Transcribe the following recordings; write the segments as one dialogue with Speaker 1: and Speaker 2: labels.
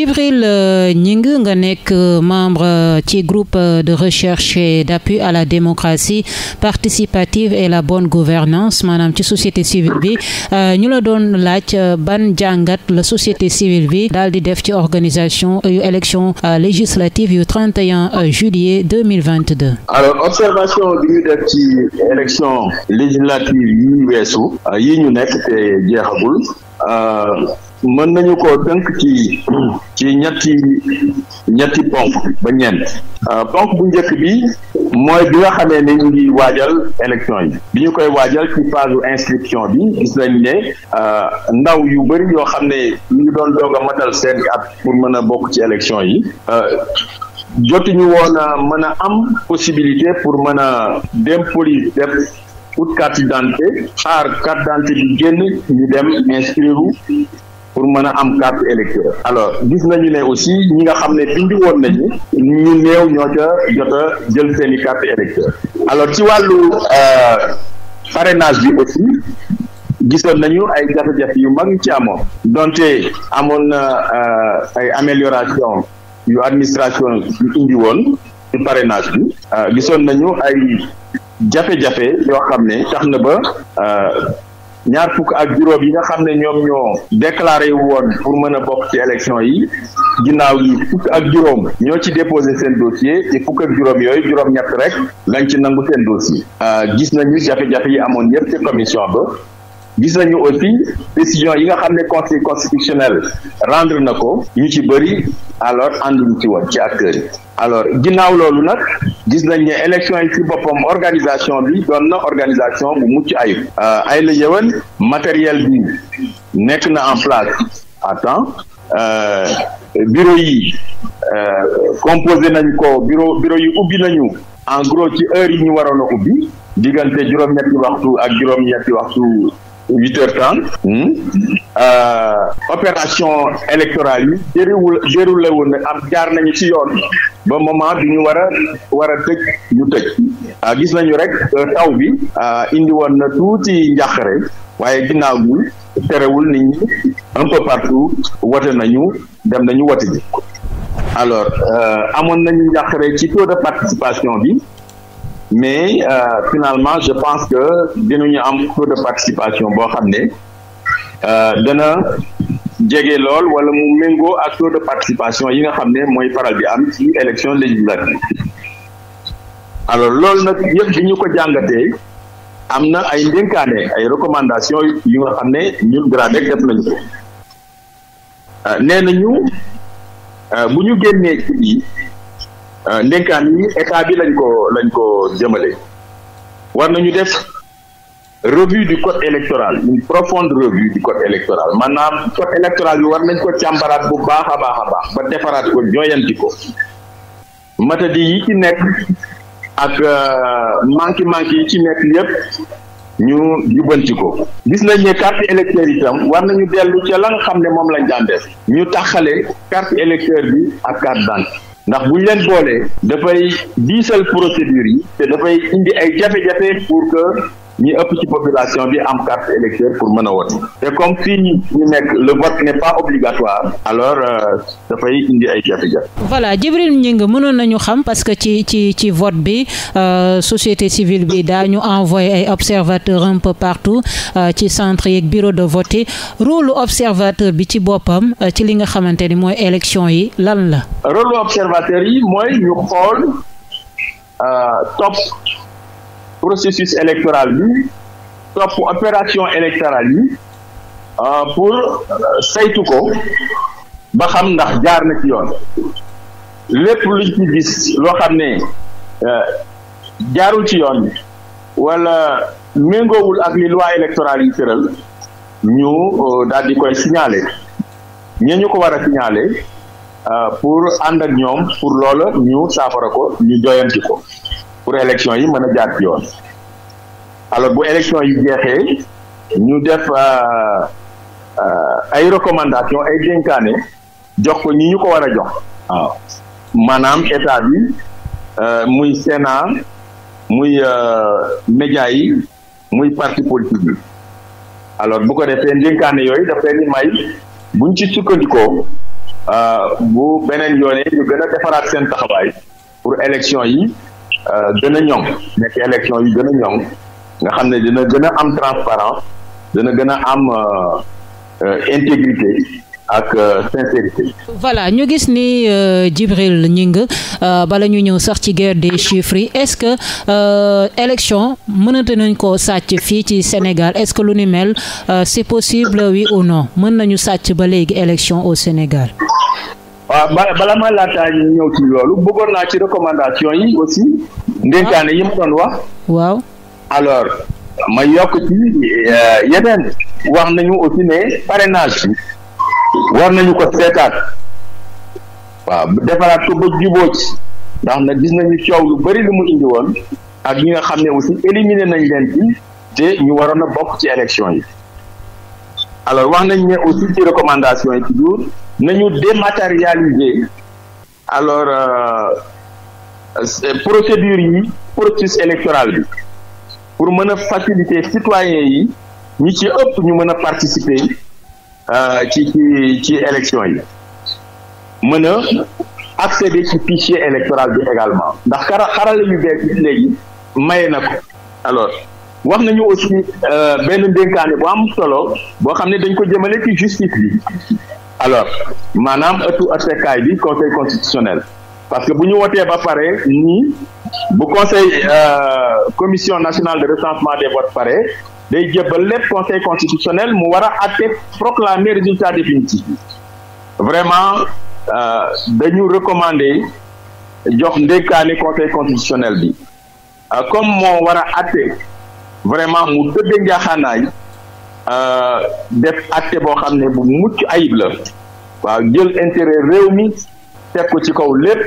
Speaker 1: Djibril euh, Gningue nga nekk euh, membre euh, ci groupe de recherche et d'appui à la démocratie participative et la bonne gouvernance maanaam ci société civile bi ñu la doon laaj ban jàngat la société civile bi daal di def ci organisation yu élection législative yu 31 juillet 2022
Speaker 2: alors observation bi ñu def ci élection législative yi weesu yi ñu nekk te jeexagul Euh, mën nañu ko tënk ci ci ñetti ñetti ponk ba ñeent euh, ponk bu njëkk bi mooy bi nga xamee ne ñu ngi waajal élection yi bi ñu koy waajal ci phase inscription bi gis nañ ne euh, ndaw yu bëri yoo xam ne ñu ngi doon doog a matal seen at pour mën a bokk ci élection yi jotuñu woon a mën a am possibilité pour mën a dem poli def ut carte d'identité xaar carte d'identité bi génn ñu dem inscrire pour mën a am carte électeur alors gis nañu ne aussi ñi nga xam ne bi woon nañu ñu néew ñoo ca jot jël seeni i carte électeur alors ci wàllu euh, parrainage bi aussi gisoon nañu ay jafe-jafe yu mag ci amoon donte amoon na euh, ay amélioration yu administration yu indi woon ci parrainage bi euh, gisoon nañu ay jafe-jafe yoo xam ne tax na ba euh, ñaar fukk ak juróom yi nga xam ne ñoom ñoo déclaré woon pour mën a bokk ci élection yi ginnaaw yi fukk ak juróom ñoo ci déposé seen dossier te fukk ak juróom yooyu juróom-ñett rek lañ ci nangu seen dossier euh, gis nañu jafe-jafe yi amoon yëpp ci commission ba gis nañu aussi décision yi nga xam ne conseil constitutionnel rendre na ko ñu ci bëri alors ànduñu ci woon ci acteurs yi alors ginnaaw loolu nag gis nañ ne élection yi ci boppam organisation bi doon na organisation bu mucc ay la yëwan matériel bi nekk na en place à temps euh, bureau yi euh, composé nañ ko bureau bureau yi ubbi nañu en gros ci heure yi ñu waroon a ubbi diggante juróom-ñetti waxtu ak juróom-ñetti waxtu huit heures trente euh, opération électorale yi déroul déroulé wu na am jaar nañu ci yoon ba moment bi ñu war a war a tëj ñu tëj euh, gis nañu rek euh, taw bi indi woon na tuuti njàqare waaye ginnaaw bi terewul nit ñi un peu partout wote nañu dem nañu wote ji alors amoon nañu njàqare ci taux de participation bi mais euh, finalement je pense que ñu am taux de participation boo xam ne euh, dana jege lool wala mu méngoo ak taux de participation yi nga xam ne mooy faral bi am ci élection législative alors loolu nag yëpp bi ñu ko jàngatee am na ay ndénkaane ay recommandation yu nga xam ne ñun GRADEC def nañu ko euh, nee nañu bu ñu génnee ci bi Euh, ndénkaan yi état bi lañ ko lañ ko jëmale war nañu def revue du code électoral une profonde revue du code électoral maanaam code électoral bi war nañ ko càmbaraat bu baax a baax ba defaraat ko jooyanti ko matadi yi ci nekk ak euh, manqué manqué yi ci nekk yépp ñu jubbanti ko gis nañ ne carte électeur itam war nañu dellu ca la xam ne moom lañ daan def ñu taxale carte électeur bi ak carte ndax bu ñu leen boolee dafay diisal procédure yi te dafay indi ay jafe-jafe pour que ñi ëpp ci population bi am carte électeur pour mën a wote te comme fii ñu nekk le vote n'est pas obligatoire alors euh, dafay indi ay jafe-jafe.
Speaker 1: voilà Djibril njëng mënoon nañu xam parce que ci ci ci vote bi euh, société civile bi daañu envoyé ay observateurs un partout euh, ci centre yeeg bureau de vote yi observateur bi ci boppam ci li nga xamante ni mooy élection yi lan la.
Speaker 2: rôle observateur yi mooy ñu xool topp. processus électoral bi topp opération électorale yi euh, pour euh, saytu ko ba xam ndax jaar na ci yoon lépp luñ ci gis loo xam ne euh, jaarul ci yoon wala méngoowul ak li loi électorale yi tëral ñu daal di koy signaler ñee ñu ko war a signaler pour ànd ak ñoom pour loola ñu saafara ko ñu joyanti ko pour élection yi mën a jaar ci yoon alors bu élection yi jeexee ñu def euh, euh, ay recommandations ay dénkaane jox ko ñi ñu ko war a jox waaw maanaam état bi euh, muy Sénat muy média yi muy parti politique bi alors bu ko defee ndénkaane yooyu daf leen di may buñ ci sukkandikoo bu beneen yoonee ñu gën a defaraat seen taxawaay pour élection yi Euh, gën a ñoŋ nekk élection yu gën ñoŋ nga xam ne dina gën am transparence dina gën am euh, euh, intégrité ak sincérité.
Speaker 1: voilà ñu gis ni Djibril ñing bala ñu ñëw sax ci guerre des chiffres yi est-ce que élection mënate nañ ko sàcc fii ci Sénégal est-ce que lu ni mel c'est possible oui ou non mën nañu sàcc ba léegi élection au Sénégal.
Speaker 2: Ah, ba bala ma laataa ñu ñëw ci loolu bëggoon naa ci recommandation yi aussi. ndénkaane yi ma doon wax. waaw alors ma yokk ci euh, yeneen wax nañu aussi ne parrainage bi war nañu ko seetaat waaw defaraat ko ba jubóo ci ndax na gis nañu coow lu bëri lu mu indi woon ak ñi nga xam ne aussi éliminer nañ leen ci te ñu waroon na bokk ci élection yi alors wax nañ ne aussi ci recommandation yi toujours nañu dématérialiser alors euh, procédure yi processus électoral bi pour mën a faciliter citoyens yi ñi ci ëpp ñu mën a participer euh, ci ci ci élection yi mën a accéder ci fichier électoral bi également ndax xara xarala yu léegi maye na ko alors wax nañu aussi euh, benn ndénkaane bu am solo boo xam ne dañ ko jëmale ci justice bi alors maanaam ëttu attekaay bi conseil constitutionnel parce que bu ñu wootee ba pare nii bu conseil euh, commission nationale de recensement des votes pare day jébbal lépp conseil constitutionnel mu war a atte proclamer résultat définitif bi vraiment euh, dañu recommander jox ndénkaane conseil constitutionnel bi euh, comme moo war a atte vraiment mu tëddee njaaxaanaay def acte boo xam ne bu mucc ayib la waaw jël intérêt réew mi teg ko ci kaw lépp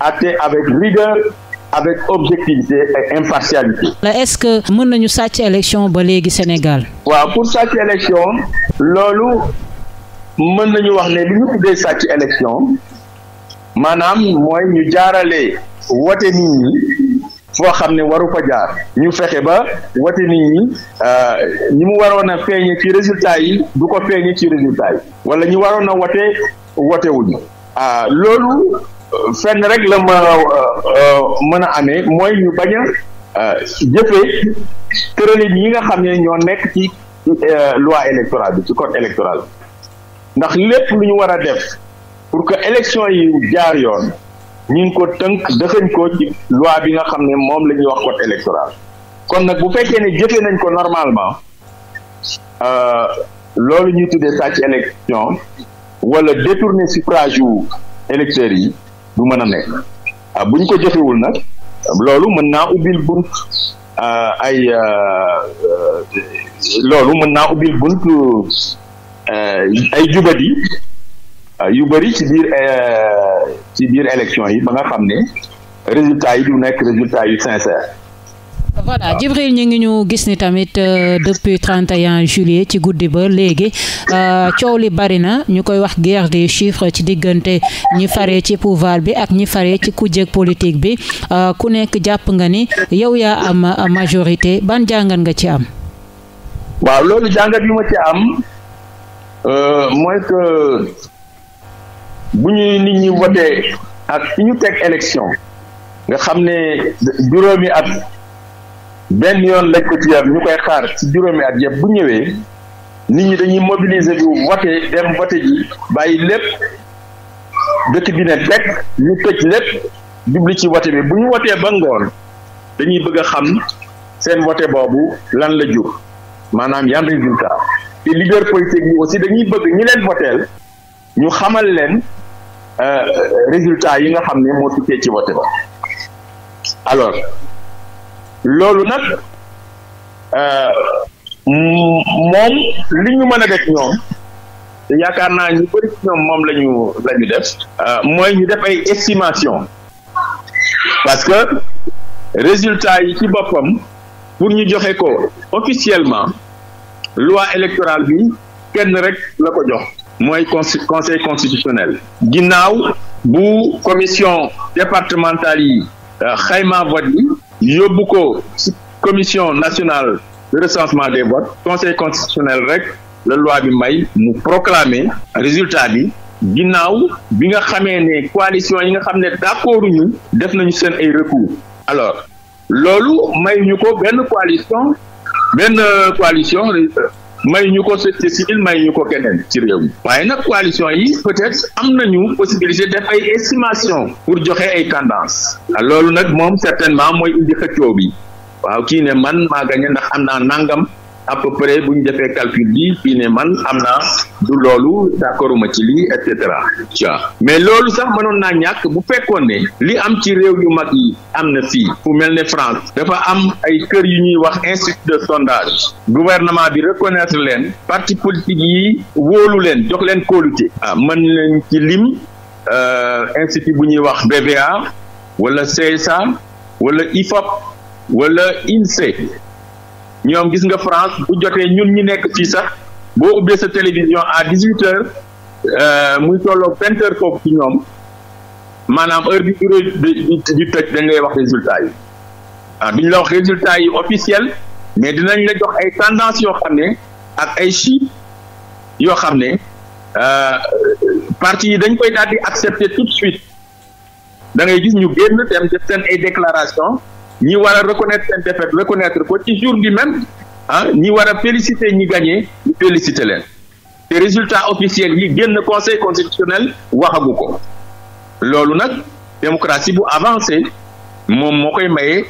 Speaker 2: acte avec rigueur avec objectivité et impartialité.
Speaker 1: est-ce que mën nañu sàcc élection ba léegi Sénégal.
Speaker 2: waaw pour sàcc élection loolu mën nañu wax ne li ñu tuddee sàcc élection maanaam mooy ñu jaarale wote nit ñi foo xam ne waru ko jaar ñu fexe ba wote nit ñi euh, ñi mu waroon a feeñe ci résultat yi du ko feeñe ci résultat yi wala ñi waroon a wote wotewuñu euh, loolu fenn rek la ma euh, mën a amee mooy ñu bañ a jëfee tëralin yi nga xam ne ñoo nekk ci loi électorale bi ci code électoral ndax lépp lu ñu war a def pour que élection yi jaar yoon ñu ngi ko tënk dëxëñ ko ci loi bi nga xam ne moom la ñuy wax code électoral kon nag bu fekkee ne jëfee nañ ko normalement euh, loolu ñuy tuddee sàcc élection wala détourner suffrage yu électeurs yi du mën a nekk euh, bu ñu ko jëfewul nag loolu mën naa ubbil bunt euh, ay loolu mën naa ubbil bunt ay jubadi Euh, yu bëri euh, ci biir élection yi ba nga xam ne résultat yi du nekk résultat yu sincère
Speaker 1: voilà Djibril ñu ngi ñu gis ni tamit euh, depuis 31 juillet ci guddi ba léegi coow li bari na ñu koy wax guerre des ci diggante ñi fare ci pouvoir bi ak ñi fare ci kujjeeg politique bi ku nekk jàpp nga ni yow yaa am majorité ban jàngat nga ci am.
Speaker 2: waaw loolu jàngat yu ci am mooy que bu ñuy nit ñi voté ak fi ñu teg élection nga xam ne juróomi at benn yoon lañ ko ci yar ñu koy xaar ci juróomi at yëpp bu ñëwee nit ñi dañuy mobiliser bu voté dem voté ji bàyyi lépp dëkk bi ne teg ñu tëj lépp jubli ci voté bi bu ñu wotee ba ngoon dañuy bëgg a xam seen voté boobu lan la jur maanaam yan résultat te leader politique yi aussi dañuy bëgg ñi leen voteel ñu xamal leen Euh, résultat yi nga xam ne moo tukkee ci wote ba alors loolu nag euh, moom li ñu mën a def ñoom yaakaar naa ñu bëri ñoom moom lañu la ñu def euh, mooy ñu def ay estimation parce que résultat yi ci boppam pour ñu joxe ko officiellement loi électorale bi kenn rek la ko jox mooy conseil constitutionnel ginnaaw bu commission départementale yi euh, xayma vote yi yóbbu ko commission nationale de recensement des votes conseil constitutionnel rek la loi bi may mu proclamer résultat bi ginnaaw bi nga xamee ne coalition yi nga xam ne d'accord ñu def nañu seen ay recours alors loolu may ñu ko benn coalition benn coalition euh, may ñu ko société civile may ñu ko keneen ci réew mi waaye nag coalition yi peut-être am nañu possibilité def ay estimation pour joxe ay tendance ah, loolu nag moom certainement mooy indi xëccoo bi waaw kii ne man maa gañe ndax am naa nangam à peu près bu ñu defee calcul bi fii ne man am naa du loolu d'accord ma ci lii et cetera tu mais loolu sax manoon naa ñàkk bu fekkoon ne li am ci réew yu mag yi am na fii fu mel ne France dafa am ay kër yu ñuy wax institut de sondage gouvernement bi reconnaître leen parti politique yi wóolu leen jox leen kóolute ci ah, mën leen ci lim euh, institut bu ñuy wax BVA wala CSA wala IFOP wala INSEE ñoom gis nga France bu jotee ñun ñu nekk fii sax boo ubbee sa télévision à dix huit heures euh, muy tolloog vingt foofu ci ñoom maanaam heure bi bureau di dañ lay wax résultat yi ah duñ la wax résultat yi officiel mais dinañ la jox ay tendance yoo xam ne ak ay chiffres yoo xam ne euh, parti yi dañ koy daal di accepter tout de suite da ngay gis ñu génn dem def seen ay déclaration ñi war a reconnaître seen défaite reconnaître ko ci jour bi même ah ñi war a féliciter ñi gagné ñu leen te résultat officiel yi génn conseil constitutionnel waxagu ko loolu nag démocratie bu avancé moom moo koy maye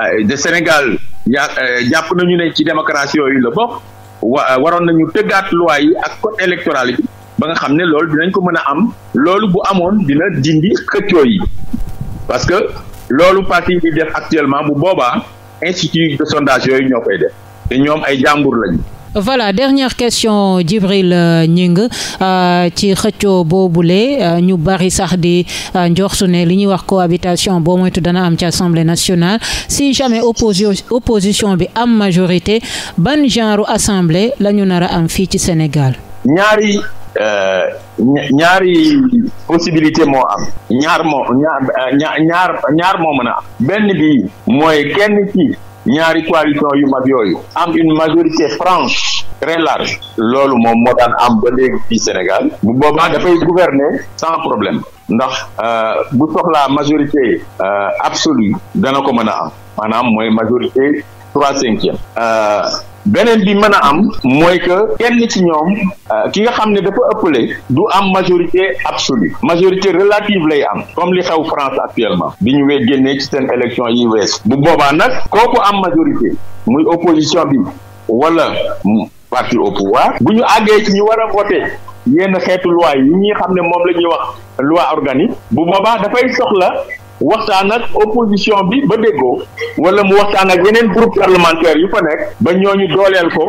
Speaker 2: euh, de Sénégal ya euh, jàpp nañu ne ci démocratie yooyu la bokk wa waroon nañu tëggaat loi yi ak code électoral bi ba nga xam ne loolu dinañ ko mën a am loolu bu amoon dina dindi xëccoo yi parce que loolu parti bi def bu boobaa institut de sondage yooyu ñoo koy def ñoom ay jàmbur lañu.
Speaker 1: voilà dernière question Djibril euh, Gningue euh, ci xëccoo boobule euh, ñu bari sax di njortu ne li ñuy wax cohabitation boo moytu dana am ci assemblée nationale si jamais opposition bi am majorité ban genre assemblée la ñu nar a am fii ci Sénégal.
Speaker 2: ñaari Euh, ñaari possibilité moo am ñaar moo ñaar euh, ñaar ñaar moo mën am benn bi mooy kenn ci ñaari coalition yu mag yooyu am une majorité franche très large loolu moom moo daan am ba léegi fii Sénégal bu boobaa dafay gouverner sans problème ndax euh, bu soxlaa majorité absolue dana ko mën a am maanaam mooy majorité trois cinquièmes beneen bi mën a am mooy que kenn ci ñoom euh, ki nga xam ne dafa ëpple du am majorité absolue majorité relative lay am comme li xew France actuellement bi ñu we génnee ci seen élection yi wees bu boobaa nag kooku am majorité muy opposition bi wala parti au pouvoir bu ñu àggee ci ñu war a voté yenn xeetu loi yi ñi xam ne moom la ñuy wax loi organique bu boobaa dafay soxla waxtaan ak opposition bi ba déggoo wala mu waxtaan ak yeneen groupe parlementaire yu fa nekk ba ñooñu dooleel ko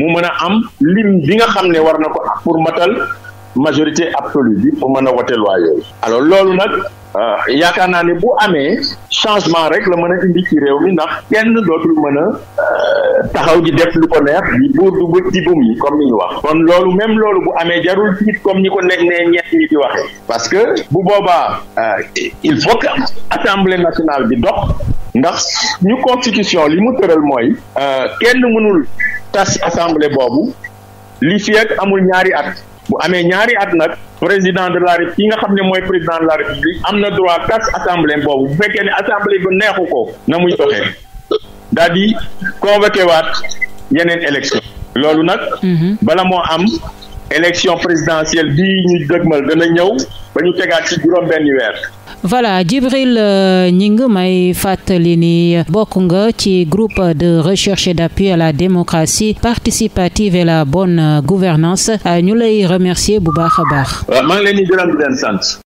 Speaker 2: mu mën a am lim bi nga xam ne war na ko pour matal majorité absolue bi pour mën a wote loi yooyu alors loolu nag Euh, yaakaar naa ne bu amee changement rek la mën a indi ci réew mi ndax kenn dootul mën a euh, taxaw di def lu ko neex di buur du bët di bum yi comme ni wax kon loolu même loolu bu amee jarul tiit comme ni ko nekk ne ñett ñi di waxee parce que bu boobaa euh, il faut que assemblée nationale bi dox ndax ñu constitution li mu tëral mooy kenn mënul tas assemblée boobu li fi amul ñaari at bu amee ñaari at nag président de la République ki nga xam ne mooy président de la République am na droit tas assemblée boobu bu fekkee ne assemblée bu neexu ko na muy doxee daal di convoqué waat yeneen élection loolu nag. Mhm. bala moo am élection présidentielle bi ñu dëgmal dana ñëw ba ñu tegaat ci juróom-benn weer.
Speaker 1: voilà Djibril Gningue euh, may fàttali ni bokk nga ci groupe de recherche et d'appui à la démocratie participative et la bonne gouvernance euh, ñu lay remercier bu baax a baax.
Speaker 2: waaw maa